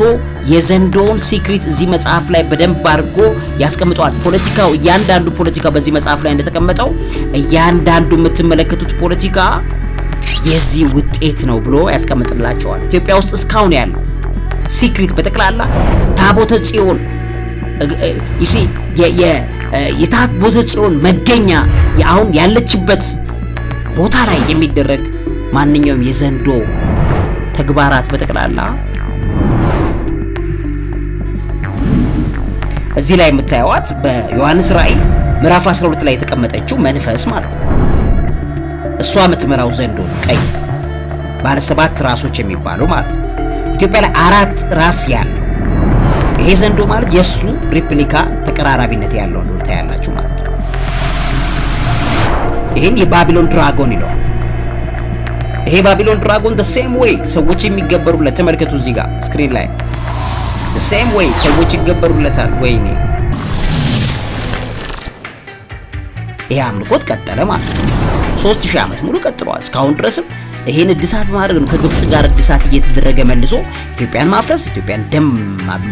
ጨርሶ የዘንዶውን ሲክሪት እዚህ መጽሐፍ ላይ በደንብ አድርጎ ያስቀምጠዋል። ፖለቲካው እያንዳንዱ ፖለቲካ በዚህ መጽሐፍ ላይ እንደተቀመጠው እያንዳንዱ የምትመለከቱት ፖለቲካ የዚህ ውጤት ነው ብሎ ያስቀምጥላቸዋል። ኢትዮጵያ ውስጥ እስካሁን ያለው ሲክሪት በጠቅላላ ታቦተ ጽዮን የታቦተ ጽዮን መገኛ አሁን ያለችበት ቦታ ላይ የሚደረግ ማንኛውም የዘንዶ ተግባራት በጠቅላላ እዚህ ላይ የምታየዋት በዮሐንስ ራእይ ምዕራፍ 12 ላይ የተቀመጠችው መንፈስ ማለት ነው። እሷ የምትመራው ዘንዶ ነው፣ ቀይ ባለ ሰባት ራሶች የሚባለው ማለት ነው። ኢትዮጵያ ላይ አራት ራስ ያለው ይሄ ዘንዶ ማለት የእሱ ሪፕሊካ ተቀራራቢነት ያለው እንደሆነ ታያላችሁ ማለት ነው። ይህን የባቢሎን ድራጎን ይለዋል። ይሄ ባቢሎን ድራጎን ሴም ዌይ ሰዎች የሚገበሩለት ተመልከቱ፣ እዚህ ጋር ስክሪን ላይ ሴም ወይ ሰዎች ይገበሩለታል። ወይኔ ይህ አምልኮት ቀጠለ ማለት ነው። ሶስት ዓመት ሙሉ ቀጥሏል። እስካሁን ድረስም ይሄን እድሳት ማድረግ ነው። ከግብጽ ጋር እድሳት እየተደረገ መልሶ ኢትዮጵያን ማፍረስ፣ ኢትዮጵያን ደም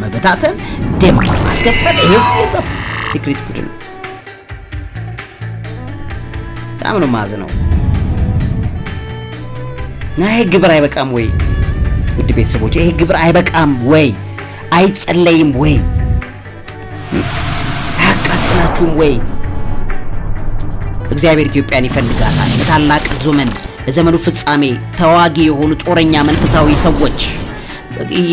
መበታተን፣ ደም ማስከፈል ይሄ የዛ ሲክሪት ቡድን በጣም ነው ማዝ ነው እና ይሄ ግብር አይበቃም ወይ? ውድ ቤተሰቦች ይሄ ግብር አይበቃም ወይ? አይጸለይም ወይ? አያቃጥላችሁም ወይ? እግዚአብሔር ኢትዮጵያን ይፈልጋታል። ለታላቅ ዘመን፣ ለዘመኑ ፍጻሜ ተዋጊ የሆኑ ጦረኛ መንፈሳዊ ሰዎች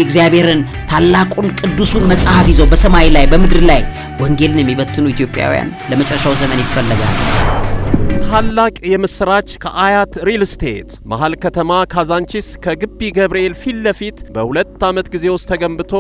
እግዚአብሔርን ታላቁን ቅዱሱን መጽሐፍ ይዘው በሰማይ ላይ በምድር ላይ ወንጌልን የሚበትኑ ኢትዮጵያውያን ለመጨረሻው ዘመን ይፈለጋል። ታላቅ የምስራች ከአያት ሪል ስቴት መሀል ከተማ ካዛንቺስ ከግቢ ገብርኤል ፊት ለፊት በሁለት ዓመት ጊዜ ውስጥ ተገንብቶ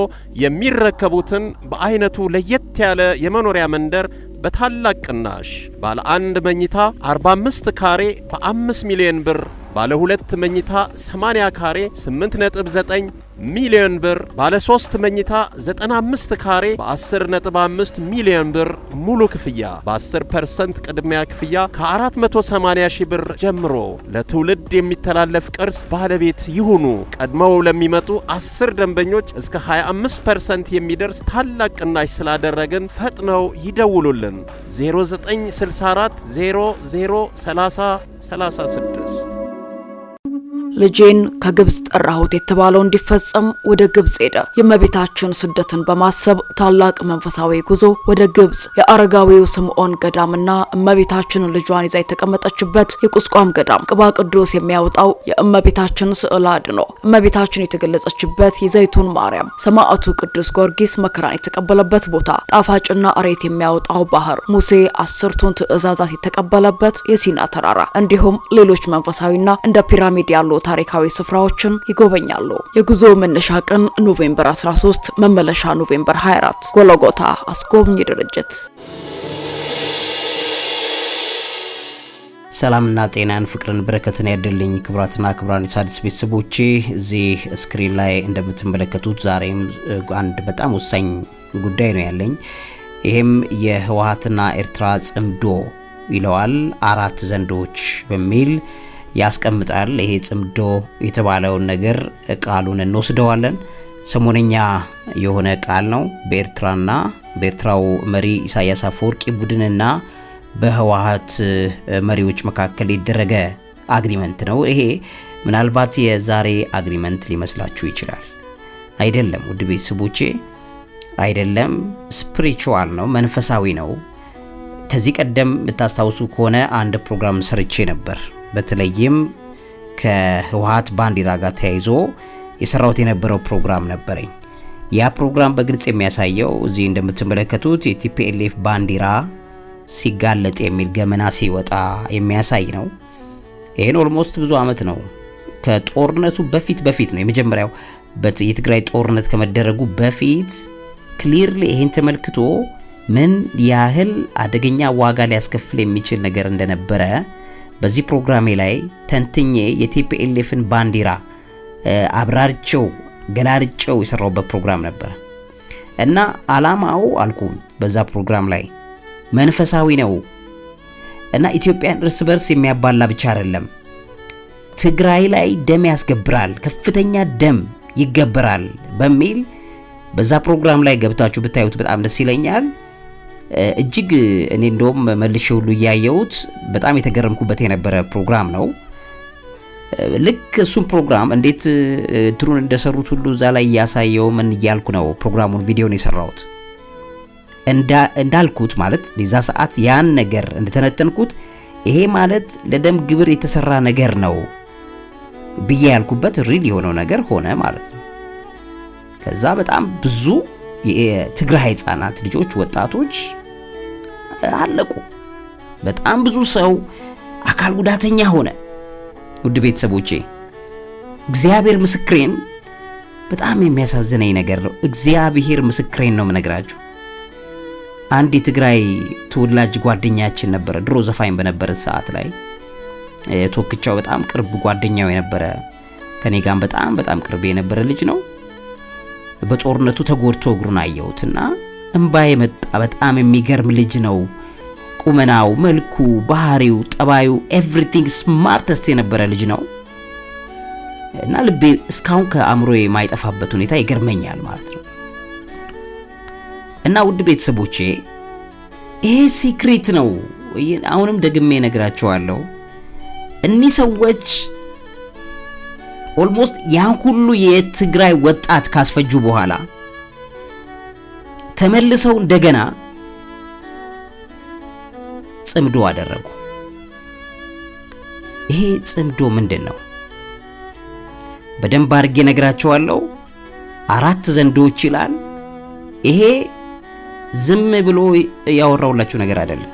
የሚረከቡትን በአይነቱ ለየት ያለ የመኖሪያ መንደር በታላቅ ቅናሽ ባለ አንድ መኝታ 45 ካሬ በ5 ሚሊዮን ብር፣ ባለ ሁለት መኝታ 80 ካሬ 8.9 ሚሊዮን ብር፣ ባለ 3 መኝታ 95 ካሬ በ10.5 ሚሊዮን ብር ሙሉ ክፍያ በ10% ቅድሚያ ክፍያ ከ480 ሺህ ብር ጀምሮ ለትውልድ የሚተላለፍ ቅርስ ባለቤት ይሁኑ። ቀድመው ለሚመጡ 10 ደንበኞች እስከ 25% የሚደርስ ታላቅ ቅናሽ ስላደረግን ፈጥነው ይደውሉልን 0964 36 ልጄን ከግብጽ ጠራሁት የተባለው እንዲፈጸም ወደ ግብጽ ሄደ። የእመቤታችን ስደትን በማሰብ ታላቅ መንፈሳዊ ጉዞ ወደ ግብጽ። የአረጋዊው ስምዖን ገዳምና እመቤታችን ልጇን ይዛ የተቀመጠችበት የቁስቋም ገዳም ቅባ ቅዱስ የሚያወጣው የእመቤታችን ስዕል አድኖ እመቤታችን የተገለጸችበት የዘይቱን ማርያም ሰማዕቱ ቅዱስ ጊዮርጊስ መከራን የተቀበለበት ቦታ ጣፋጭና አሬት የሚያወጣው ባህር ሙሴ አስርቱን ትእዛዛት የተቀበለበት የሲና ተራራ እንዲሁም ሌሎች መንፈሳዊና እንደ ፒራሚድ ያሉት ታሪካዊ ስፍራዎችን ይጎበኛሉ። የጉዞ መነሻ ቀን ኖቬምበር 13፣ መመለሻ ኖቬምበር 24። ጎለጎታ አስጎብኝ ድርጅት ሰላምና ጤናን ፍቅርን በረከትን ያደልኝ ክብራትና ክብራን የሣድስ ቤተሰቦቼ እዚህ ስክሪን ላይ እንደምትመለከቱት ዛሬም አንድ በጣም ወሳኝ ጉዳይ ነው ያለኝ። ይህም የህወሓትና ኤርትራ ጽምዶ ይለዋል አራት ዘንዶች በሚል ያስቀምጣል። ይሄ ጽምዶ የተባለውን ነገር ቃሉን እንወስደዋለን። ሰሞነኛ የሆነ ቃል ነው። በኤርትራና በኤርትራው መሪ ኢሳያስ አፈወርቂ ቡድንና በህወሀት መሪዎች መካከል የደረገ አግሪመንት ነው። ይሄ ምናልባት የዛሬ አግሪመንት ሊመስላችሁ ይችላል። አይደለም፣ ውድ ቤተሰቦቼ፣ አይደለም። ስፕሪቹዋል ነው፣ መንፈሳዊ ነው። ከዚህ ቀደም የምታስታውሱ ከሆነ አንድ ፕሮግራም ሰርቼ ነበር። በተለይም ከህወሀት ባንዲራ ጋር ተያይዞ የሰራሁት የነበረው ፕሮግራም ነበረኝ። ያ ፕሮግራም በግልጽ የሚያሳየው እዚህ እንደምትመለከቱት የቲፒኤልኤፍ ባንዲራ ሲጋለጥ የሚል ገመና ሲወጣ የሚያሳይ ነው። ይህን ኦልሞስት ብዙ ዓመት ነው ከጦርነቱ በፊት በፊት ነው የመጀመሪያው የትግራይ ጦርነት ከመደረጉ በፊት ክሊርሊ ይህን ተመልክቶ ምን ያህል አደገኛ ዋጋ ሊያስከፍል የሚችል ነገር እንደነበረ በዚህ ፕሮግራሜ ላይ ተንትኜ የቲፒኤልኤፍን ባንዲራ አብራርቸው ገላርጨው የሰራውበት ፕሮግራም ነበር እና አላማው አልኩ በዛ ፕሮግራም ላይ መንፈሳዊ ነው እና ኢትዮጵያን እርስ በርስ የሚያባላ ብቻ አይደለም። ትግራይ ላይ ደም ያስገብራል፣ ከፍተኛ ደም ይገብራል በሚል በዛ ፕሮግራም ላይ ገብታችሁ ብታዩት በጣም ደስ ይለኛል። እጅግ እኔ እንደውም መልሼ ሁሉ እያየሁት በጣም የተገረምኩበት የነበረ ፕሮግራም ነው። ልክ እሱም ፕሮግራም እንዴት እንትኑን እንደሰሩት ሁሉ እዛ ላይ እያሳየው ምን እያልኩ ነው ፕሮግራሙን ቪዲዮን የሰራሁት እንዳልኩት ማለት ዛ ሰዓት ያን ነገር እንደተነተንኩት ይሄ ማለት ለደም ግብር የተሰራ ነገር ነው ብዬ ያልኩበት ሪል የሆነው ነገር ሆነ ማለት ነው። ከዛ በጣም ብዙ የትግራይ ህፃናት ልጆች፣ ወጣቶች አለቁ። በጣም ብዙ ሰው አካል ጉዳተኛ ሆነ። ውድ ቤተሰቦቼ እግዚአብሔር ምስክሬን፣ በጣም የሚያሳዝነኝ ነገር ነው። እግዚአብሔር ምስክሬን ነው የምነግራችሁ። አንድ የትግራይ ተወላጅ ጓደኛችን ነበረ፣ ድሮ ዘፋኝ በነበረ ሰዓት ላይ ቶክቻው በጣም ቅርብ ጓደኛው የነበረ ከኔ ጋር በጣም በጣም ቅርብ የነበረ ልጅ ነው። በጦርነቱ ተጎድቶ እግሩን አየሁትና እምባ የመጣ በጣም የሚገርም ልጅ ነው። ቁመናው፣ መልኩ፣ ባህሪው፣ ጠባዩ ኤቭሪቲንግ ስማርተስት የነበረ ልጅ ነው እና ልቤ እስካሁን ከአእምሮ የማይጠፋበት ሁኔታ ይገርመኛል ማለት ነው። እና ውድ ቤተሰቦቼ ይሄ ሲክሬት ነው። አሁንም ደግሜ ነግራቸዋለሁ እኒህ ሰዎች ኦልሞስት ያ ሁሉ የትግራይ ወጣት ካስፈጁ በኋላ ተመልሰው እንደገና ጽምዶ አደረጉ። ይሄ ጽምዶ ምንድን ነው? በደንብ አድርጌ ነግራቸዋለሁ። አራት ዘንዶች ይላል። ይሄ ዝም ብሎ ያወራውላችሁ ነገር አይደለም።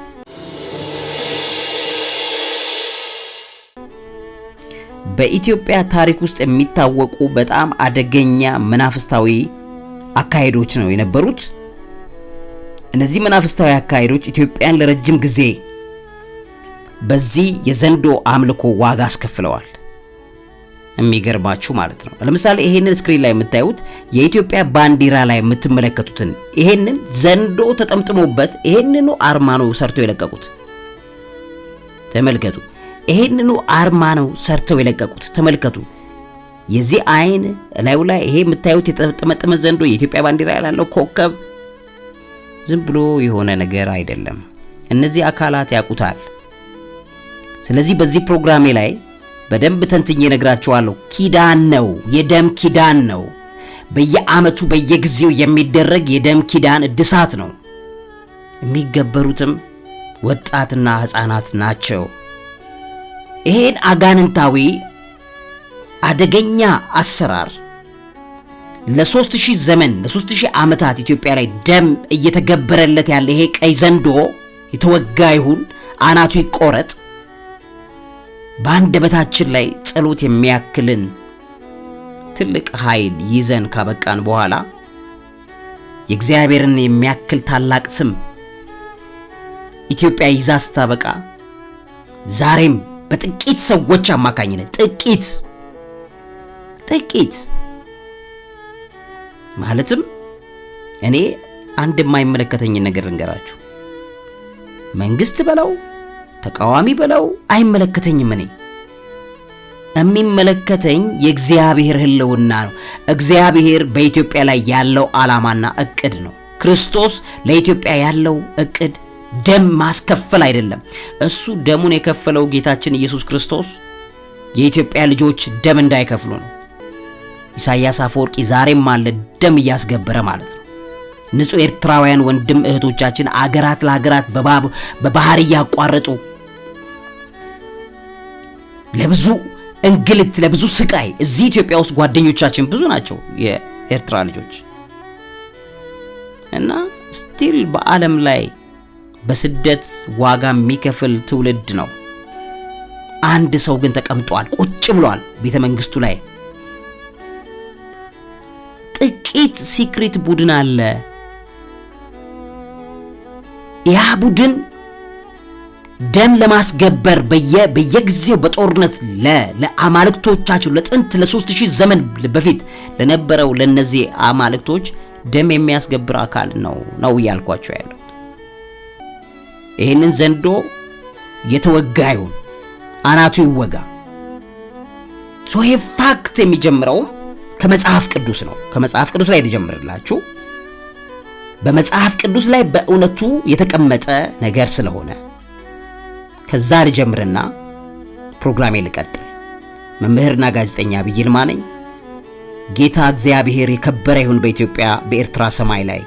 በኢትዮጵያ ታሪክ ውስጥ የሚታወቁ በጣም አደገኛ መናፍስታዊ አካሄዶች ነው የነበሩት። እነዚህ መናፍስታዊ አካሄዶች ኢትዮጵያን ለረጅም ጊዜ በዚህ የዘንዶ አምልኮ ዋጋ አስከፍለዋል። የሚገርማችሁ ማለት ነው። ለምሳሌ ይሄንን ስክሪን ላይ የምታዩት የኢትዮጵያ ባንዲራ ላይ የምትመለከቱትን ይሄንን ዘንዶ ተጠምጥሞበት ይሄንኑ አርማ ነው ሰርተው የለቀቁት። ተመልከቱ። ይሄንኑ አርማ ነው ሰርተው የለቀቁት። ተመልከቱ። የዚህ አይን ላዩ ላይ ይሄ የምታዩት የተጠመጠመ ዘንዶ የኢትዮጵያ ባንዲራ ያላለው ኮከብ ዝም ብሎ የሆነ ነገር አይደለም። እነዚህ አካላት ያውቁታል። ስለዚህ በዚህ ፕሮግራሜ ላይ በደንብ ተንትኜ እነግራችኋለሁ። ኪዳን ነው፣ የደም ኪዳን ነው። በየአመቱ በየጊዜው የሚደረግ የደም ኪዳን እድሳት ነው። የሚገበሩትም ወጣትና ህፃናት ናቸው። ይሄን አጋንንታዊ አደገኛ አሰራር ለ3000 ዘመን ለ3000 ዓመታት ኢትዮጵያ ላይ ደም እየተገበረለት ያለ ይሄ ቀይ ዘንዶ የተወጋ ይሁን አናቱ ይቆረጥ። በአንደበታችን ላይ ጸሎት የሚያክልን ትልቅ ኃይል ይዘን ካበቃን በኋላ የእግዚአብሔርን የሚያክል ታላቅ ስም ኢትዮጵያ ይዛ ስታበቃ ዛሬም በጥቂት ሰዎች አማካኝነት ጥቂት ጥቂት ማለትም እኔ አንድ የማይመለከተኝ ነገር እንገራችሁ መንግስት በለው ተቃዋሚ በለው አይመለከተኝም። እኔ የሚመለከተኝ የእግዚአብሔር ህልውና ነው። እግዚአብሔር በኢትዮጵያ ላይ ያለው ዓላማና እቅድ ነው። ክርስቶስ ለኢትዮጵያ ያለው እቅድ ደም ማስከፈል አይደለም። እሱ ደሙን የከፈለው ጌታችን ኢየሱስ ክርስቶስ የኢትዮጵያ ልጆች ደም እንዳይከፍሉ ነው። ኢሳያስ አፈወርቂ ዛሬም አለ ደም እያስገበረ ማለት ነው። ንጹህ ኤርትራውያን ወንድም እህቶቻችን አገራት ለሀገራት በባህር እያቋረጡ ለብዙ እንግልት ለብዙ ስቃይ እዚህ ኢትዮጵያ ውስጥ ጓደኞቻችን ብዙ ናቸው የኤርትራ ልጆች እና ስቲል በዓለም ላይ በስደት ዋጋ የሚከፍል ትውልድ ነው። አንድ ሰው ግን ተቀምጧል፣ ቁጭ ብሏል ቤተ መንግስቱ ላይ። ጥቂት ሲክሪት ቡድን አለ። ያ ቡድን ደም ለማስገበር በየጊዜው በጦርነት ለአማልክቶቻቸው ለጥንት ለ3000 ዘመን በፊት ለነበረው ለነዚህ አማልክቶች ደም የሚያስገብር አካል ነው ነው እያልኳቸው ያለው። ይህንን ዘንዶ የተወጋ ይሁን አናቱ ይወጋ። ሶ ይሄ ፋክት የሚጀምረውም ከመጽሐፍ ቅዱስ ነው። ከመጽሐፍ ቅዱስ ላይ ልጀምርላችሁ። በመጽሐፍ ቅዱስ ላይ በእውነቱ የተቀመጠ ነገር ስለሆነ ከዛ ልጀምርና ፕሮግራሜ ልቀጥል። መምህርና ጋዜጠኛ ዐቢይ ይልማ ነኝ። ጌታ እግዚአብሔር የከበረ ይሁን በኢትዮጵያ በኤርትራ ሰማይ ላይ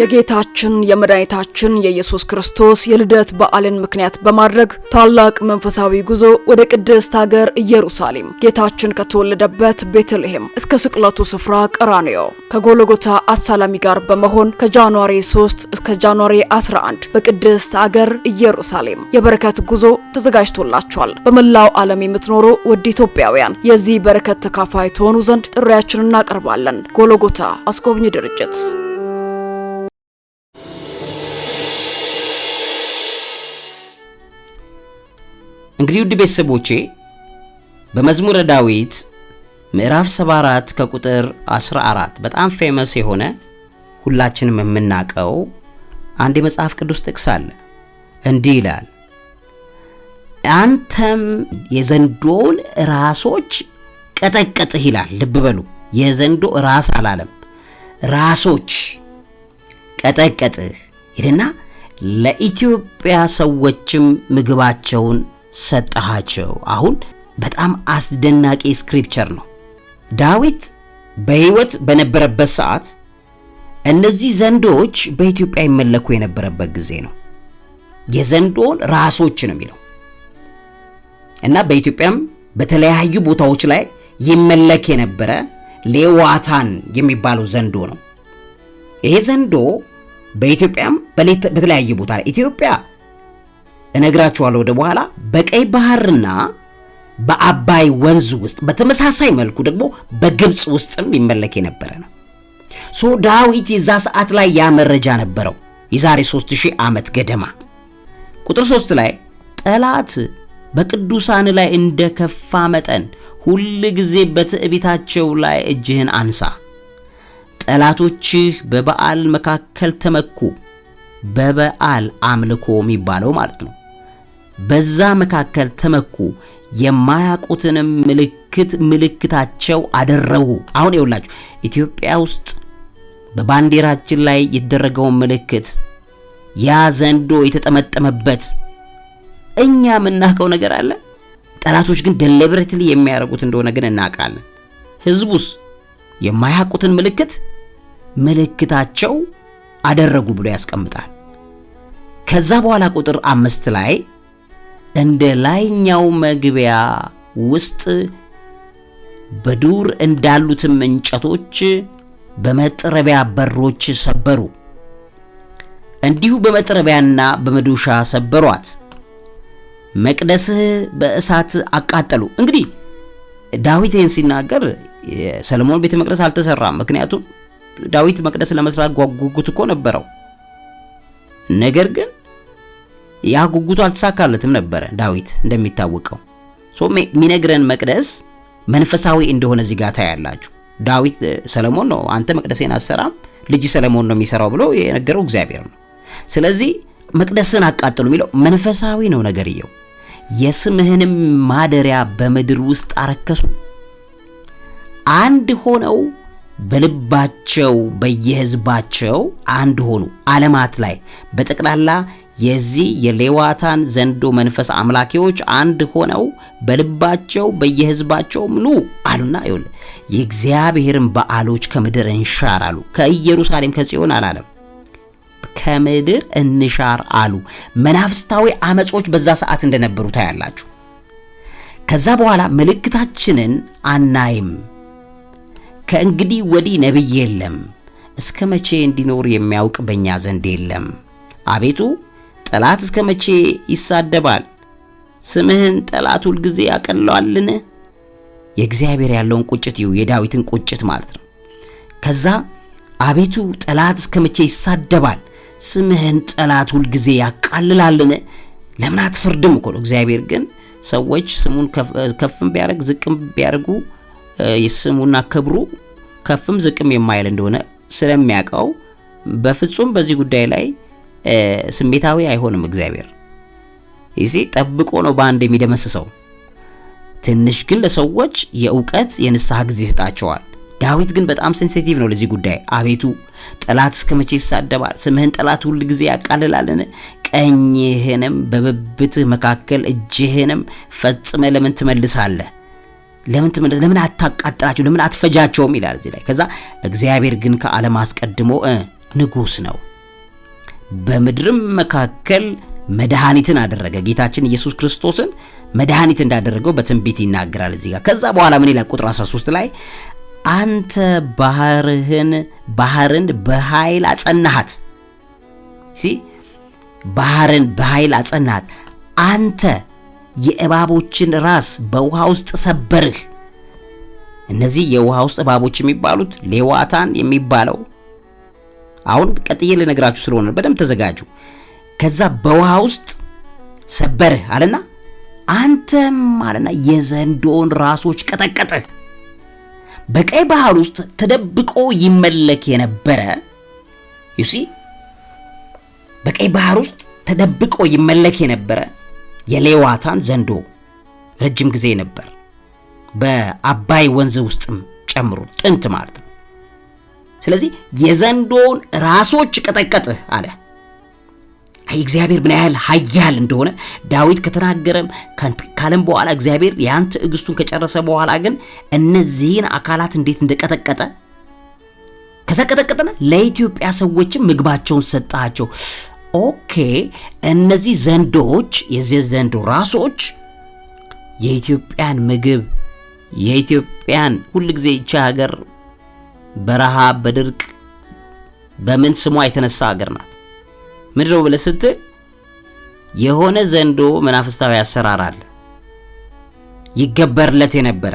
የጌታችን የመድኃኒታችን የኢየሱስ ክርስቶስ የልደት በዓልን ምክንያት በማድረግ ታላቅ መንፈሳዊ ጉዞ ወደ ቅድስት ሀገር ኢየሩሳሌም ጌታችን ከተወለደበት ቤተልሔም እስከ ስቅለቱ ስፍራ ቀራንዮ ከጎልጎታ አሳላሚ ጋር በመሆን ከጃንዋሪ 3 እስከ ጃንዋሪ 11 በቅድስት ሀገር ኢየሩሳሌም የበረከት ጉዞ ተዘጋጅቶላችኋል። በመላው ዓለም የምትኖሩ ውድ ኢትዮጵያውያን የዚህ በረከት ተካፋይ ትሆኑ ዘንድ ጥሪያችንን እናቀርባለን። ጎሎጎታ አስጎብኝ ድርጅት እንግዲህ ውድ ቤተሰቦቼ በመዝሙረ ዳዊት ምዕራፍ 74 ከቁጥር 14 በጣም ፌመስ የሆነ ሁላችንም የምናቀው አንድ የመጽሐፍ ቅዱስ ጥቅስ አለ። እንዲህ ይላል፣ አንተም የዘንዶውን ራሶች ቀጠቀጥህ ይላል። ልብ በሉ፣ የዘንዶ ራስ አላለም፣ ራሶች ቀጠቀጥህ ይልና ለኢትዮጵያ ሰዎችም ምግባቸውን ሰጠሃቸው። አሁን በጣም አስደናቂ ስክሪፕቸር ነው። ዳዊት በህይወት በነበረበት ሰዓት እነዚህ ዘንዶዎች በኢትዮጵያ ይመለኩ የነበረበት ጊዜ ነው። የዘንዶን ራሶች ነው የሚለው እና በኢትዮጵያም በተለያዩ ቦታዎች ላይ ይመለክ የነበረ ሌዋታን የሚባለው ዘንዶ ነው። ይሄ ዘንዶ በኢትዮጵያም በተለያየ ቦታ ላይ ኢትዮጵያ እነግራችኋለሁ ወደ በኋላ በቀይ ባህርና በአባይ ወንዝ ውስጥ በተመሳሳይ መልኩ ደግሞ በግብፅ ውስጥም ይመለክ የነበረ ነው። ሶ ዳዊት የዛ ሰዓት ላይ ያ መረጃ ነበረው። የዛሬ 3000 ዓመት ገደማ ቁጥር 3 ላይ ጠላት በቅዱሳን ላይ እንደ ከፋ መጠን ሁል ጊዜ በትዕቢታቸው ላይ እጅህን አንሳ። ጠላቶችህ በበዓል መካከል ተመኩ። በበዓል አምልኮ የሚባለው ማለት ነው። በዛ መካከል ተመኩ፣ የማያውቁትንም ምልክት ምልክታቸው አደረጉ። አሁን ይውላችሁ ኢትዮጵያ ውስጥ በባንዲራችን ላይ የተደረገውን ምልክት ያ ዘንዶ የተጠመጠመበት እኛ የምናውቀው ነገር አለ። ጠላቶች ግን ደሊበሬትሊ የሚያደርጉት እንደሆነ ግን እናውቃለን። ህዝቡስ የማያውቁትን ምልክት ምልክታቸው አደረጉ ብሎ ያስቀምጣል። ከዛ በኋላ ቁጥር አምስት ላይ እንደ ላይኛው መግቢያ ውስጥ በዱር እንዳሉትም እንጨቶች በመጥረቢያ በሮች ሰበሩ፣ እንዲሁ በመጥረቢያና በመዶሻ ሰበሯት። መቅደስህ በእሳት አቃጠሉ። እንግዲህ ዳዊት ይህን ሲናገር የሰለሞን ቤተ መቅደስ አልተሰራም። ምክንያቱም ዳዊት መቅደስ ለመስራት ጓጉጉት እኮ ነበረው። ነገር ግን ያ ጉጉቱ አልተሳካለትም ነበረ ዳዊት እንደሚታወቀው የሚነግረን መቅደስ መንፈሳዊ እንደሆነ እዚህ ጋር ታያላችሁ። ዳዊት ሰለሞን ነው አንተ መቅደሴን አሰራም ልጅ ሰለሞን ነው የሚሰራው ብሎ የነገረው እግዚአብሔር ነው። ስለዚህ መቅደስን አቃጥሉ የሚለው መንፈሳዊ ነው ነገርየው። የስምህንም ማደሪያ በምድር ውስጥ አረከሱ፣ አንድ ሆነው በልባቸው በየህዝባቸው አንድ ሆኑ። አለማት ላይ በጠቅላላ የዚህ የሌዋታን ዘንዶ መንፈስ አምላኪዎች አንድ ሆነው በልባቸው በየህዝባቸው ኑ አሉና፣ ይሁን የእግዚአብሔርን በዓሎች ከምድር እንሻር አሉ። ከኢየሩሳሌም ከጽዮን አላለም፣ ከምድር እንሻር አሉ። መናፍስታዊ አመጾች በዛ ሰዓት እንደነበሩ ታያላችሁ። ከዛ በኋላ ምልክታችንን አናይም፣ ከእንግዲህ ወዲህ ነቢይ የለም፣ እስከ መቼ እንዲኖር የሚያውቅ በእኛ ዘንድ የለም። አቤቱ ጠላት እስከ መቼ ይሳደባል? ስምህን ጠላት ሁልጊዜ ያቀለዋልን? የእግዚአብሔር ያለውን ቁጭት ይሁ የዳዊትን ቁጭት ማለት ነው። ከዛ አቤቱ ጠላት እስከ መቼ ይሳደባል? ስምህን ጠላት ሁልጊዜ ያቃልላልን? ለምን አትፈርድም እኮ ነው። እግዚአብሔር ግን ሰዎች ስሙን ከፍም ቢያደርግ ዝቅም ቢያደርጉ ስሙና ክብሩ ከፍም ዝቅም የማይል እንደሆነ ስለሚያውቀው በፍጹም በዚህ ጉዳይ ላይ ስሜታዊ አይሆንም። እግዚአብሔር ይዚ ጠብቆ ነው በአንድ የሚደመስሰው። ትንሽ ግን ለሰዎች የእውቀት የንስሐ ጊዜ ይሰጣቸዋል። ዳዊት ግን በጣም ሴንሲቲቭ ነው ለዚህ ጉዳይ። አቤቱ ጠላት እስከ መቼ ይሳደባል? ስምህን ጠላት ሁል ጊዜ ያቃልላልን? ቀኝህንም በብብትህ መካከል እጅህንም ፈጽመ ለምን ትመልሳለህ? ለምን ትመልስ? ለምን አታቃጥላቸው? ለምን አትፈጃቸውም? ይላል እዚህ ላይ። ከዛ እግዚአብሔር ግን ከዓለም አስቀድሞ ንጉሥ ነው። በምድርም መካከል መድኃኒትን አደረገ። ጌታችን ኢየሱስ ክርስቶስን መድኃኒት እንዳደረገው በትንቢት ይናገራል እዚህ ጋር። ከዛ በኋላ ምን ይላል? ቁጥር 13 ላይ አንተ ባህርህን ባህርን በኃይል አጸናሃት። ሲ ባህርን በኃይል አጸናሃት። አንተ የእባቦችን ራስ በውሃ ውስጥ ሰበርህ። እነዚህ የውሃ ውስጥ እባቦች የሚባሉት ሌዋታን የሚባለው አሁን ቀጥዬ ልነግራችሁ ስለሆነ በደንብ ተዘጋጁ። ከዛ በውሃ ውስጥ ሰበርህ አለና አንተም አለና የዘንዶን ራሶች ቀጠቀጥህ። በቀይ ባህር ውስጥ ተደብቆ ይመለክ የነበረ ዩሲ በቀይ ባህር ውስጥ ተደብቆ ይመለክ የነበረ የሌዋታን ዘንዶ ረጅም ጊዜ ነበር። በአባይ ወንዝ ውስጥም ጨምሮ ጥንት ማለት ነው። ስለዚህ የዘንዶውን ራሶች ቀጠቀጥህ አለ። አይ እግዚአብሔር ምን ያህል ኃያል እንደሆነ ዳዊት ከተናገረም ካለም በኋላ እግዚአብሔር የአንተ እግስቱን ከጨረሰ በኋላ ግን እነዚህን አካላት እንዴት እንደቀጠቀጠ ከዛ ቀጠቀጠና ለኢትዮጵያ ሰዎችም ምግባቸውን ሰጣቸው። ኦኬ እነዚህ ዘንዶዎች የዚህ ዘንዶ ራሶች የኢትዮጵያን ምግብ የኢትዮጵያን ሁልጊዜ ይቻ ሀገር በረሃብ በድርቅ በምን ስሟ የተነሳ ሀገር ናት። ምድረው ብለህ ስትል የሆነ ዘንዶ መናፍስታዊ አሰራር አለ ይገበርለት የነበረ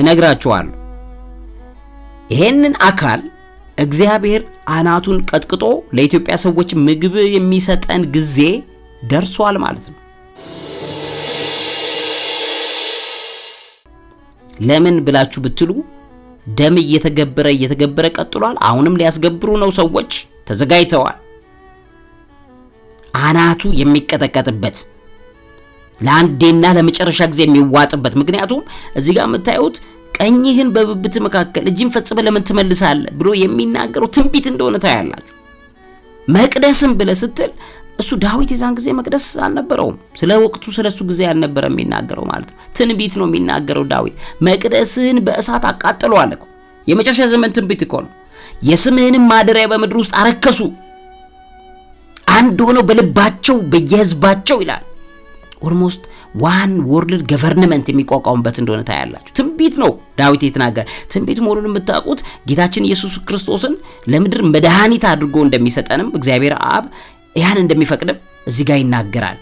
እነግራችኋለሁ። ይሄንን አካል እግዚአብሔር አናቱን ቀጥቅጦ ለኢትዮጵያ ሰዎች ምግብ የሚሰጠን ጊዜ ደርሷል ማለት ነው። ለምን ብላችሁ ብትሉ ደም እየተገበረ እየተገበረ ቀጥሏል። አሁንም ሊያስገብሩ ነው። ሰዎች ተዘጋጅተዋል። አናቱ የሚቀጠቀጥበት ለአንዴና ለመጨረሻ ጊዜ የሚዋጥበት። ምክንያቱም እዚህ ጋር የምታዩት ቀኝህን በብብት መካከል እጅን ፈጽመ ለምን ትመልሳለህ ብሎ የሚናገረው ትንቢት እንደሆነ ታያላችሁ። መቅደስም ብለህ ስትል እሱ ዳዊት የዛን ጊዜ መቅደስ አልነበረውም። ስለ ወቅቱ ስለ እሱ ጊዜ አልነበረ የሚናገረው ማለት ነው። ትንቢት ነው የሚናገረው ዳዊት። መቅደስህን በእሳት አቃጥለዋል እኮ የመጨረሻ ዘመን ትንቢት እኮ ነው። የስምህንም ማደሪያ በምድር ውስጥ አረከሱ፣ አንድ ሆነው በልባቸው በየህዝባቸው ይላል። ኦልሞስት ዋን ወርልድ ገቨርንመንት የሚቋቋሙበት እንደሆነ ታያላችሁ። ትንቢት ነው ዳዊት የተናገረ ትንቢት መሆኑን የምታውቁት ጌታችን ኢየሱስ ክርስቶስን ለምድር መድኃኒት አድርጎ እንደሚሰጠንም እግዚአብሔር አብ ያን እንደሚፈቅድም እዚህ ጋር ይናገራል።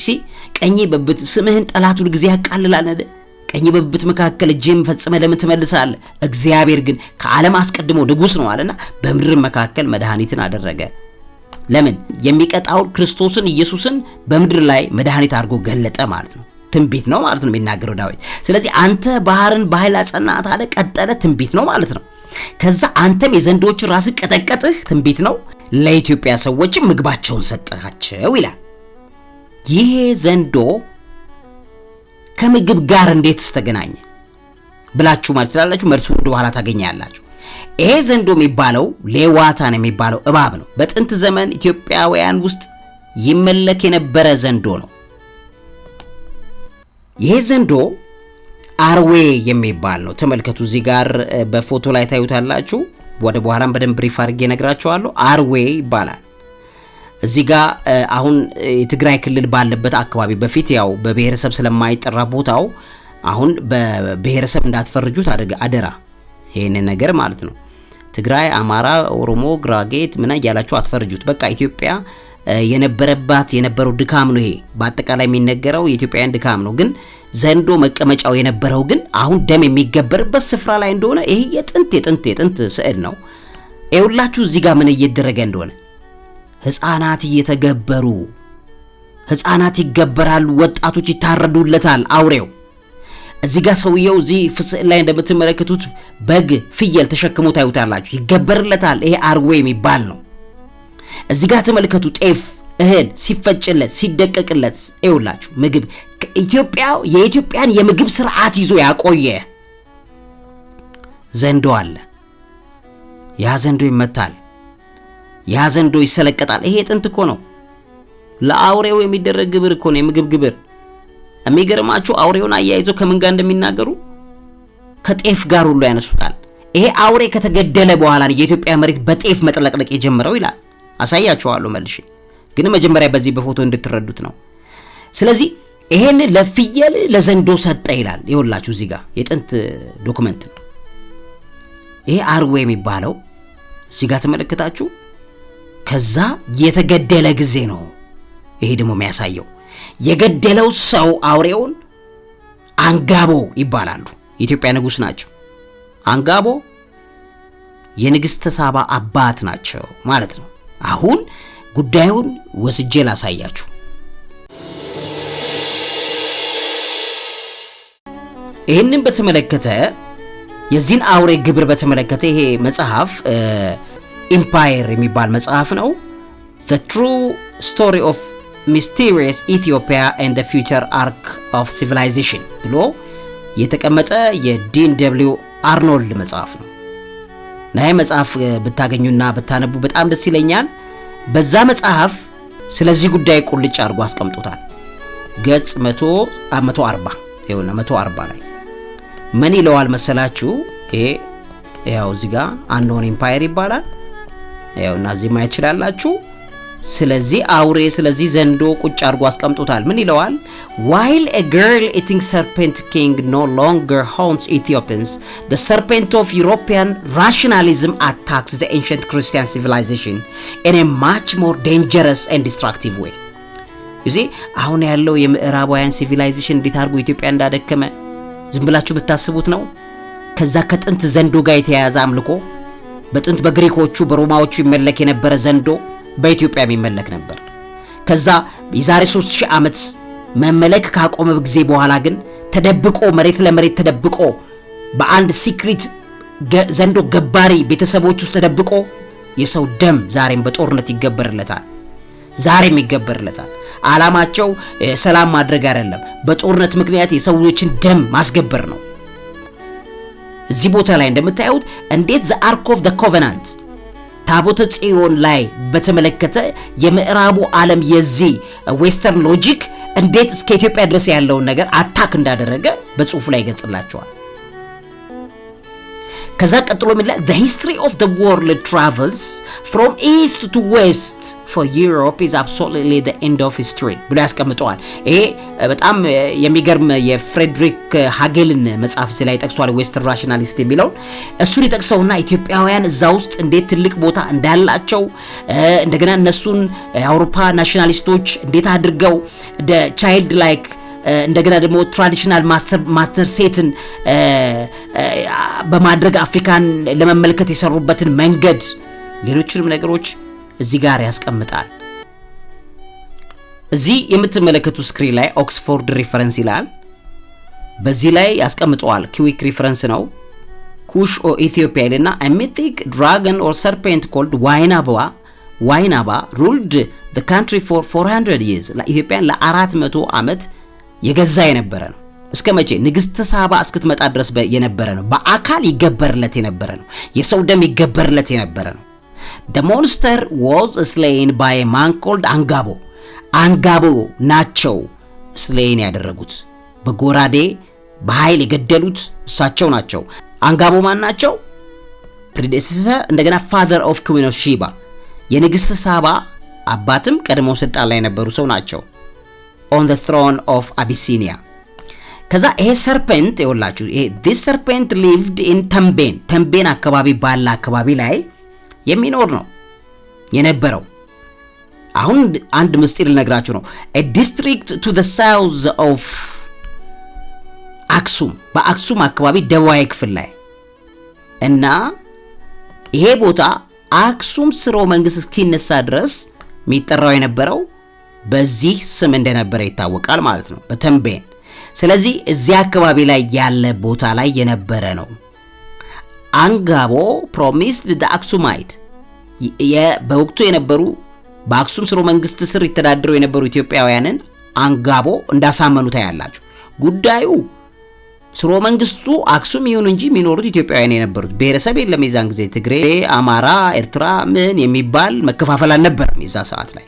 እሺ ቀኜ በብት ስምህን ጠላት ሁል ጊዜ ያቃልላል። ነደ ቀኝ በብት መካከል እጅም ፈጽመ ለምን ትመልሳለህ? እግዚአብሔር ግን ከዓለም አስቀድሞ ንጉሥ ነው አለና በምድር መካከል መድኃኒትን አደረገ። ለምን የሚቀጣውን ክርስቶስን ኢየሱስን በምድር ላይ መድኃኒት አድርጎ ገለጠ ማለት ነው። ትንቢት ነው ማለት ነው የሚናገረው ዳዊት። ስለዚህ አንተ ባህርን በኃይል አጸናት አለ። ቀጠለ፣ ትንቢት ነው ማለት ነው። ከዛ አንተም የዘንዶችን ራስህ ቀጠቀጥህ፣ ትንቢት ነው። ለኢትዮጵያ ሰዎች ምግባቸውን ሰጠቻቸው ይላል። ይሄ ዘንዶ ከምግብ ጋር እንዴትስ ተገናኘ ብላችሁ ማለት ትችላላችሁ። መልሱ ወደ ኋላ ታገኛላችሁ። ይሄ ዘንዶ የሚባለው ሌዋታን የሚባለው እባብ ነው። በጥንት ዘመን ኢትዮጵያውያን ውስጥ ይመለክ የነበረ ዘንዶ ነው። ይሄ ዘንዶ አርዌ የሚባል ነው። ተመልከቱ፣ እዚህ ጋር በፎቶ ላይ ታዩታላችሁ። ወደ በኋላም በደንብ ብሪፍ አድርጌ ነግራቸዋለሁ። አርዌ ይባላል። እዚህ ጋር አሁን የትግራይ ክልል ባለበት አካባቢ በፊት ያው በብሔረሰብ ስለማይጠራ ቦታው አሁን በብሔረሰብ እንዳትፈርጁት አደራ፣ ይህንን ነገር ማለት ነው። ትግራይ፣ አማራ፣ ኦሮሞ፣ ግራጌት ምና እያላችሁ አትፈርጁት። በቃ ኢትዮጵያ የነበረባት የነበረው ድካም ነው። ይሄ በአጠቃላይ የሚነገረው የኢትዮጵያውያን ድካም ነው ግን ዘንዶ መቀመጫው የነበረው ግን አሁን ደም የሚገበርበት ስፍራ ላይ እንደሆነ ይሄ የጥንት የጥንት የጥንት ስዕል ነው። ይኸውላችሁ እዚህ ጋር ምን እየደረገ እንደሆነ ህፃናት እየተገበሩ ህፃናት ይገበራሉ፣ ወጣቶች ይታረዱለታል አውሬው። እዚህ ጋር ሰውየው እዚህ ስዕል ላይ እንደምትመለከቱት በግ፣ ፍየል ተሸክሞ ታዩታላችሁ፣ ይገበርለታል። ይሄ አርዌ የሚባል ነው። እዚህ ጋር ተመልከቱ ጤፍ እህል ሲፈጭለት ሲደቀቅለት ይውላችሁ ምግብ ኢትዮጵያ የኢትዮጵያን የምግብ ስርዓት ይዞ ያቆየ ዘንዶ አለ። ያ ዘንዶ ይመታል፣ ያ ዘንዶ ይሰለቀጣል። ይሄ ጥንት እኮ ነው። ለአውሬው የሚደረግ ግብር እኮ ነው፣ የምግብ ግብር። የሚገርማችሁ አውሬውን አያይዘው ከምን ጋር እንደሚናገሩ ከጤፍ ጋር ሁሉ ያነሱታል። ይሄ አውሬ ከተገደለ በኋላ የኢትዮጵያ መሬት በጤፍ መጥለቅለቅ የጀመረው ይላል። አሳያችኋለሁ መልሼ ግን መጀመሪያ በዚህ በፎቶ እንድትረዱት ነው። ስለዚህ ይሄን ለፍየል ለዘንዶ ሰጠ ይላል። ይኸውላችሁ እዚህ ጋር የጥንት ዶክመንት ነው። ይሄ አርዌ የሚባለው እዚህ ጋር ተመለከታችሁ። ከዛ የተገደለ ጊዜ ነው። ይሄ ደግሞ የሚያሳየው የገደለው ሰው አውሬውን አንጋቦ ይባላሉ። የኢትዮጵያ ንጉስ ናቸው። አንጋቦ የንግሥተ ሳባ አባት ናቸው ማለት ነው። አሁን ጉዳዩን ወስጄ ላሳያችሁ። ይህንን በተመለከተ የዚህን አውሬ ግብር በተመለከተ ይሄ መጽሐፍ ኢምፓየር የሚባል መጽሐፍ ነው። ዘ ትሩ ስቶሪ ኦፍ ሚስቴሪየስ ኢትዮጵያ ኤንድ ፊውቸር አርክ ኦፍ ሲቪላይዜሽን ብሎ የተቀመጠ የዲን ደብሊው አርኖልድ መጽሐፍ ነው ናይ ይህ መጽሐፍ ብታገኙና ብታነቡ በጣም ደስ ይለኛል። በዛ መጽሐፍ ስለዚህ ጉዳይ ቁልጭ አድርጎ አስቀምጦታል። ገጽ 140 ይሁን 140 ላይ ምን ይለዋል መሰላችሁ? ይሄ ያው እዚህ ጋር አንድ ሆን ኢምፓየር ይባላል። ያው እና እዚህ ማየት ትችላላችሁ። ስለዚህ አውሬ ስለዚህ ዘንዶ ቁጭ አድርጎ አስቀምጦታል። ምን ይለዋል? ዋይል ኤ ገርል ኢቲንግ ሰርፔንት ኪንግ ኖ ሎንገር ሆንስ ኢትዮጵያንስ ዘ ሰርፔንት ኦፍ ዩሮፒያን ራሽናሊዝም አታክስ ዘ ኤንሸንት ክርስቲያን ሲቪላይዜሽን ኢን ኤ ማች ሞር ዴንጀረስ ኤንድ ዲስትራክቲቭ ዌይ። ጊዜ አሁን ያለው የምዕራባውያን ሲቪላይዜሽን እንዴት አድርጎ ኢትዮጵያ እንዳደከመ ዝም ብላችሁ ብታስቡት ነው። ከዛ ከጥንት ዘንዶ ጋር የተያያዘ አምልኮ በጥንት በግሪኮቹ በሮማዎቹ ይመለክ የነበረ ዘንዶ በኢትዮጵያ የሚመለክ ነበር። ከዛ የዛሬ 3000 ዓመት መመለክ ካቆመ ጊዜ በኋላ ግን ተደብቆ መሬት ለመሬት ተደብቆ በአንድ ሲክሪት ዘንዶ ገባሪ ቤተሰቦች ውስጥ ተደብቆ የሰው ደም ዛሬም በጦርነት ይገበርለታል። ዛሬም ይገበርለታል። አላማቸው ሰላም ማድረግ አይደለም፣ በጦርነት ምክንያት የሰዎችን ደም ማስገበር ነው። እዚህ ቦታ ላይ እንደምታዩት እንዴት ዘ አርክ ኦፍ ዘ ኮቨናንት ታቦተ ጽዮን ላይ በተመለከተ የምዕራቡ ዓለም የዚህ ዌስተርን ሎጂክ እንዴት እስከ ኢትዮጵያ ድረስ ያለውን ነገር አታክ እንዳደረገ በጽሁፉ ላይ ይገልጽላቸዋል። ከዛ ቀጥሎ ምን ይላል? the history of the world travels from east to west for Europe is absolutely the end of history ብሎ ያስቀምጠዋል። ይሄ በጣም የሚገርም የፍሬድሪክ ሀጌልን መጽሐፍ እዚህ ላይ ጠቅሷል። ዌስተርን ራሽናሊስት የሚለውን እሱን ይጠቅሰውና ኢትዮጵያውያን እዛ ውስጥ እንዴት ትልቅ ቦታ እንዳላቸው እንደገና እነሱን የአውሮፓ ናሽናሊስቶች እንዴት አድርገው ቻይልድ ላይክ እንደገና ደግሞ ትራዲሽናል ማስተር ሴትን በማድረግ አፍሪካን ለመመልከት የሰሩበትን መንገድ፣ ሌሎችንም ነገሮች እዚህ ጋር ያስቀምጣል። እዚህ የምትመለከቱ ስክሪን ላይ ኦክስፎርድ ሪፈረንስ ይላል። በዚህ ላይ ያስቀምጠዋል። ኪዊክ ሪፈረንስ ነው። ኩሽ ኦ ኢትዮጵያ ይልና ሚቲክ ድራገን ኦር ሰርፔንት ኮልድ ዋይናባ ዋይናባ ሩልድ ካንትሪ ፎር 400 ይርስ ኢትዮጵያን ለ400 ዓመት የገዛ የነበረ ነው። እስከ መቼ ንግስት ሳባ እስክትመጣ ድረስ የነበረ ነው። በአካል ይገበርለት የነበረ ነው። የሰው ደም ይገበርለት የነበረ ነው። ደ ሞንስተር ዋዝ ስሌን ባይ ማንኮልድ አንጋቦ አንጋቦ ናቸው ስሌን ያደረጉት በጎራዴ በኃይል የገደሉት እሳቸው ናቸው። አንጋቦ ማን ናቸው? ፕሪዴሴሰር እንደገና ፋዘር ኦፍ ኩዊን ኦፍ ሺባ የንግሥት ሳባ አባትም ቀድሞ ስልጣን ላይ የነበሩ ሰው ናቸው። ኦን ዘ ትሮን ኦፍ አቢሲኒያ ከዛ ይሄ ሰርፔንት ይኸውላችሁ ይሄ ዲስ ሰርፔንት ሊቭድ ኢን ተምቤን ተምቤን አካባቢ ባለ አካባቢ ላይ የሚኖር ነው የነበረው። አሁን አንድ ምስጢር ልነግራችሁ ነው። ዲስትሪክት ቱ ዘ ሳውዝ ኦፍ አክሱም በአክሱም አካባቢ ደቡባዊ ክፍል ላይ እና ይሄ ቦታ አክሱም ስሮ መንግስት እስኪነሳ ድረስ የሚጠራው የነበረው በዚህ ስም እንደነበረ ይታወቃል ማለት ነው በተንቤን ስለዚህ እዚያ አካባቢ ላይ ያለ ቦታ ላይ የነበረ ነው። አንጋቦ ፕሮሚስድ አክሱማይት በወቅቱ የነበሩ በአክሱም ስሮ መንግስት ስር ይተዳደሩ የነበሩ ኢትዮጵያውያንን አንጋቦ እንዳሳመኑ ታያላችሁ። ጉዳዩ ስሮ መንግስቱ አክሱም ይሁን እንጂ የሚኖሩት ኢትዮጵያውያን የነበሩት ብሔረሰብ የለም። የዛን ጊዜ ትግሬ፣ አማራ፣ ኤርትራ ምን የሚባል መከፋፈል አልነበረም የዛ ሰዓት ላይ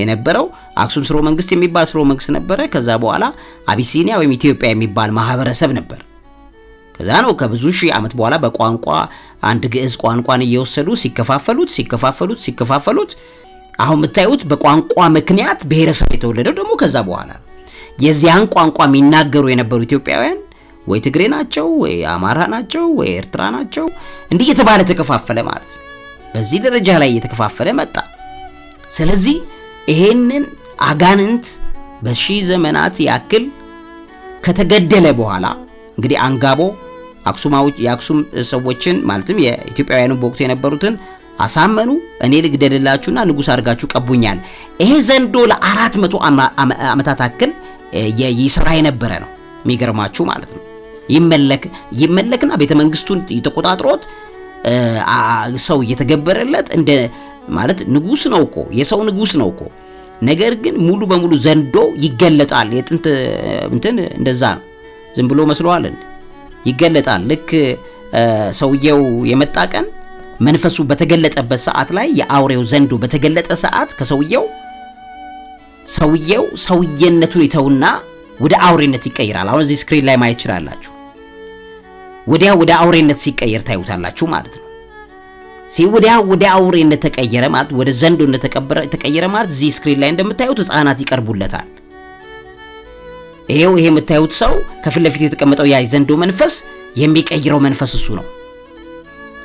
የነበረው አክሱም ስርወ መንግስት የሚባል ስርወ መንግስት ነበረ። ከዛ በኋላ አቢሲኒያ ወይም ኢትዮጵያ የሚባል ማህበረሰብ ነበር። ከዛ ነው ከብዙ ሺህ ዓመት በኋላ በቋንቋ አንድ ግዕዝ ቋንቋን እየወሰዱ ሲከፋፈሉት ሲከፋፈሉት ሲከፋፈሉት አሁን የምታዩት በቋንቋ ምክንያት ብሔረሰብ የተወለደው ደግሞ ከዛ በኋላ ነው። የዚያን ቋንቋ የሚናገሩ የነበሩ ኢትዮጵያውያን ወይ ትግሬ ናቸው፣ ወይ አማራ ናቸው፣ ወይ ኤርትራ ናቸው። እንዲህ እየተባለ ተከፋፈለ ማለት ነው። በዚህ ደረጃ ላይ እየተከፋፈለ መጣ። ስለዚህ ይሄንን አጋንንት በሺህ ዘመናት ያክል ከተገደለ በኋላ እንግዲህ አንጋቦ አክሱማዎች የአክሱም ሰዎችን ማለትም የኢትዮጵያውያኑ በወቅቱ የነበሩትን አሳመኑ። እኔ ልግደልላችሁና ንጉሥ አድርጋችሁ ቀቡኛል። ይሄ ዘንዶ ለአራት መቶ ዓመታት አክል ይስራ የነበረ ነው። የሚገርማችሁ ማለት ነው ይመለክ ይመለክና ቤተ መንግስቱን ተቆጣጥሮት ሰው እየተገበረለት እንደ ማለት ንጉስ ነው እኮ የሰው ንጉስ ነው እኮ። ነገር ግን ሙሉ በሙሉ ዘንዶ ይገለጣል። የጥንት እንትን እንደዛ ነው። ዝም ብሎ መስሏል ይገለጣል። ልክ ሰውየው የመጣ ቀን መንፈሱ በተገለጠበት ሰዓት ላይ የአውሬው ዘንዶ በተገለጠ ሰዓት ከሰውየው ሰውየው ሰውየነቱን ይተውና ወደ አውሬነት ይቀይራል። አሁን እዚህ ስክሪን ላይ ማየት ይችላላችሁ። ወዲያ ወደ አውሬነት ሲቀየር ታዩታላችሁ ማለት ነው። ወዲያ ወደ አውሬ እንደተቀየረ ማለት ወደ ዘንዶ እንደተቀበረ ተቀየረ ማለት እዚህ ስክሪን ላይ እንደምታዩት ህፃናት ይቀርቡለታል። ይሄው ይሄ የምታዩት ሰው ከፊት ለፊት የተቀመጠው ያ ዘንዶ መንፈስ የሚቀይረው መንፈስ እሱ ነው።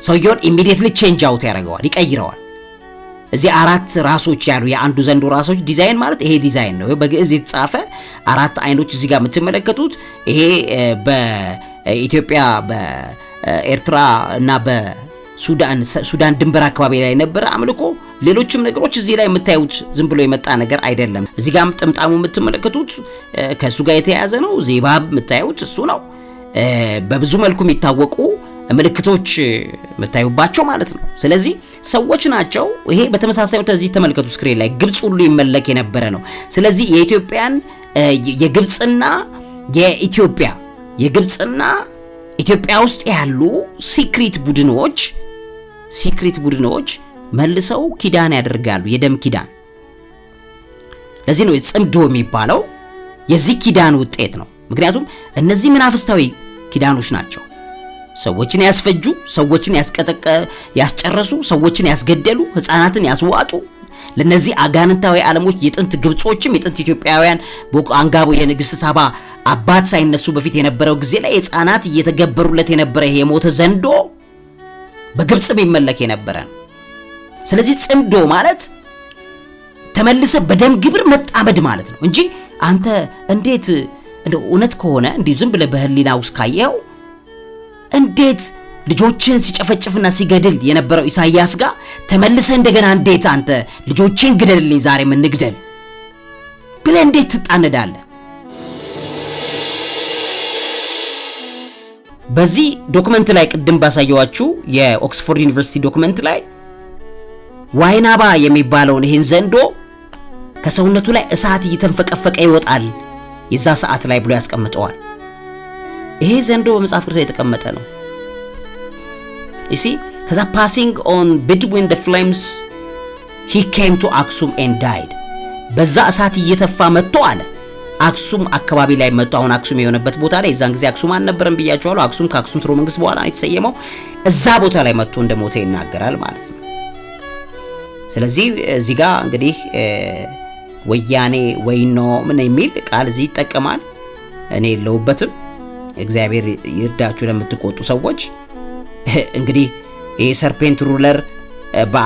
ሰውየውን ኢሚዲየትሊ ቼንጅ አውት ያደርገዋል፣ ይቀይረዋል። እዚህ አራት ራሶች ያሉ የአንዱ ዘንዶ ራሶች ዲዛይን ማለት ይሄ ዲዛይን ነው። በግዕዝ የተጻፈ አራት አይኖች እዚህ ጋር የምትመለከቱት ይሄ በኢትዮጵያ በኤርትራ እና ሱዳን ሱዳን ድንበር አካባቢ ላይ ነበረ አምልኮ፣ ሌሎችም ነገሮች እዚህ ላይ የምታዩት ዝም ብሎ የመጣ ነገር አይደለም። እዚህ ጋም ጥምጣሙ የምትመለከቱት ከእሱ ጋር የተያያዘ ነው። ዜባብ የምታዩት እሱ ነው። በብዙ መልኩ የሚታወቁ ምልክቶች የምታዩባቸው ማለት ነው። ስለዚህ ሰዎች ናቸው። ይሄ በተመሳሳይ ተዚህ ተመልከቱ፣ ስክሪን ላይ ግብፅ ሁሉ ይመለክ የነበረ ነው። ስለዚህ የኢትዮጵያን የግብፅና የኢትዮጵያ የግብፅና ኢትዮጵያ ውስጥ ያሉ ሲክሪት ቡድኖች ሲክሪት ቡድኖች መልሰው ኪዳን ያደርጋሉ፣ የደም ኪዳን። ለዚህ ነው ጽምዶ የሚባለው የዚህ ኪዳን ውጤት ነው። ምክንያቱም እነዚህ መናፍስታዊ ኪዳኖች ናቸው። ሰዎችን ያስፈጁ፣ ሰዎችን ያስቀጠቀ፣ ያስጨረሱ፣ ሰዎችን ያስገደሉ፣ ህፃናትን ያስዋጡ ለነዚህ አጋንንታዊ ዓለሞች የጥንት ግብጾችም የጥንት ኢትዮጵያውያን አንጋቦ የንግሥት ሳባ አባት ሳይነሱ በፊት የነበረው ጊዜ ላይ ህፃናት እየተገበሩለት የነበረ የሞተ ዘንዶ በግብጽ የሚመለክ የነበረ ነው። ስለዚህ ጽምዶ ማለት ተመልሰ በደም ግብር መጣመድ ማለት ነው እንጂ አንተ እንዴት እንደ እውነት ከሆነ እንዲሁ ዝም ብለህ በህሊና ውስጥ ካየው እንዴት ልጆችን ሲጨፈጭፍና ሲገድል የነበረው ኢሳይያስ ጋር ተመልሰ እንደገና እንዴት አንተ ልጆችን ግደልልኝ ዛሬም እንግደል ብለህ እንዴት ትጣነዳለህ? በዚህ ዶክመንት ላይ ቅድም ባሳየዋችሁ የኦክስፎርድ ዩኒቨርሲቲ ዶክመንት ላይ ዋይናባ የሚባለውን ይህን ዘንዶ ከሰውነቱ ላይ እሳት እየተንፈቀፈቀ ይወጣል የዛ ሰዓት ላይ ብሎ ያስቀምጠዋል። ይሄ ዘንዶ በመጽሐፍ ቅዱስ የተቀመጠ ነው። እሺ ከዛ ፓሲንግ ኦን ቢትዊን ዘ ፍሌምስ ሂ ኬም ቱ አክሱም ኤንድ ዳይድ በዛ እሳት እየተፋ መጥቶ አለ አክሱም አካባቢ ላይ መጡ። አሁን አክሱም የሆነበት ቦታ ላይ እዛን ጊዜ አክሱም አልነበረም ብያቸዋለሁ። አክሱም ከአክሱም ስርወ መንግስት በኋላ ነው የተሰየመው። እዛ ቦታ ላይ መጥቶ እንደ ሞተ ይናገራል ማለት ነው። ስለዚህ እዚህ ጋር እንግዲህ ወያኔ ወይኖ ምን የሚል ቃል እዚህ ይጠቀማል። እኔ የለውበትም እግዚአብሔር ይርዳችሁ ለምትቆጡ ሰዎች። እንግዲህ የሰርፔንት ሰርፔንት ሩለር